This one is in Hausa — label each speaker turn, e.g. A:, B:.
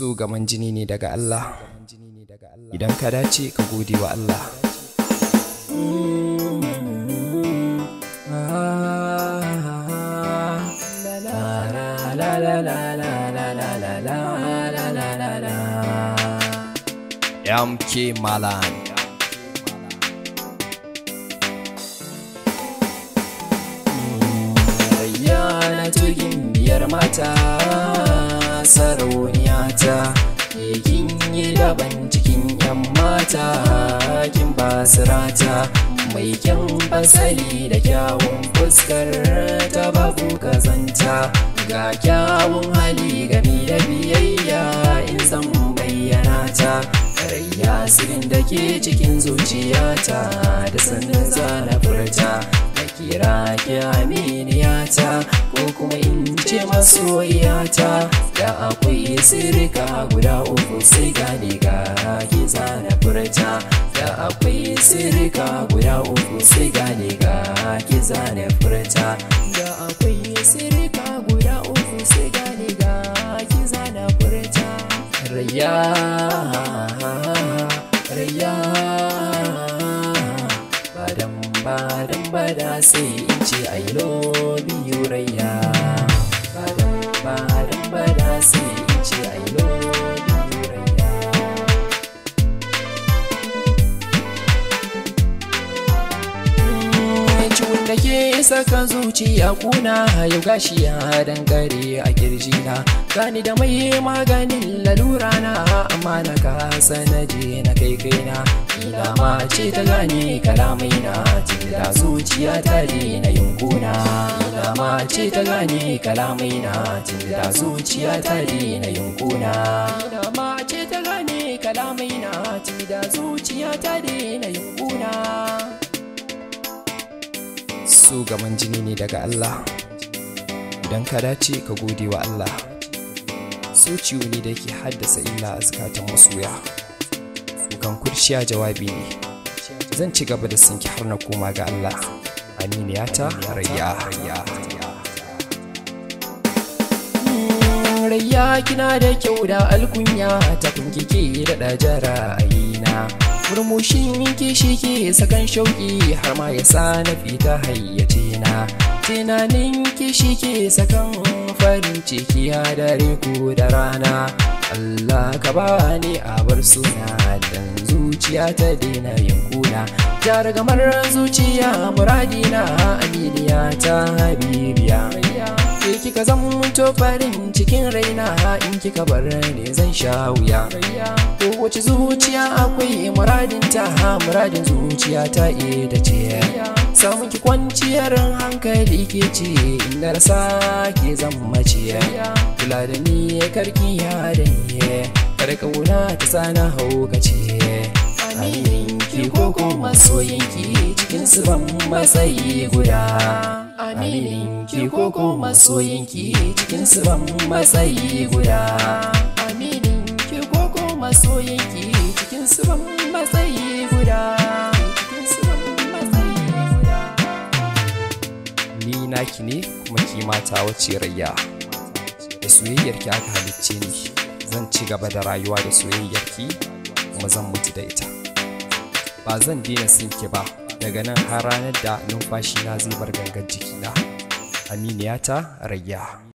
A: su gaman jini ne daga Allah idan ka dace ka gode wa Allah MK Malan Yana tugin biyar mata sarauniyata ta eh, kin yi daban cikin yan mata kin basirata mai kyan basali da kyawun fuskar ta babu kazanta ga kyawun hali gami da biyayya in zan bayyana ta rayya sirin da ke cikin zuciyata da sannan zana furta da kira ki aminiyata kuma in ce masoyata da akwai sirika guda uku sai gane ga ki zana furta da akwai sirika guda uku sai gane ga ki zana furta da akwai sirika guda uku sai gane ga ki zana furta rayya rayya ba dan sai in ce i love you rayya ba dan ba ba sai in ce da ke saka zuciya kuna yau gashi ya dankare a na gani da mai maganin lalura na amma na kasa na na kai kaina ila ma ce ta gane kalamai na tilla zuciya ta na yunkuna ila ma ce ta gane kalamai na tilla zuciya ta na yunkuna su gaman jini ne daga Allah idan ka dace ka gode wa Allah so ciwo ne da ke haddasa illa a zukatan masoya kukan kurciya jawabi ne zan ci gaba da sinki har na koma ga Allah aminiyata rayya rayya Rayya kina da kyau da alkunya ta kinkike da dajara ayina Murmushin ki shi ke sakan shauki har ma ya sa na fita hayyace na Tunanin ki shi ke sakan farin ciki ya dare ku da rana Allah ka ba ni bar suna dan zuciya ta daina yankuna. jar gamar zuciya muradina aminiya ta habibiya ke kika zamanto farin cikin raina in kika bar ne zan sha wuya Ko wace zuciya akwai muradin ta ha muradin zuciya ta iya da ce samun ki kwanciyar hankali ke ce in na rasa ke zan mace kula da ni ya karki ya da ni kar kauna ta sana haukace aminki ko kuma soyinki cikin su ban matsayi guda aminin ki ko ko masoyin cikin su ban matsayi guda aminin ki ko ko masoyin cikin su ban matsayi guda ni naki ne kuma ki mata wace rayya da soyayyar ki aka halicce ni zan ci gaba da rayuwa da soyayyar ki kuma zan mutu da ita ba zan daina sinki ba daga nan har ranar da numfashi na zai bar gangan jikina aminiyata rayya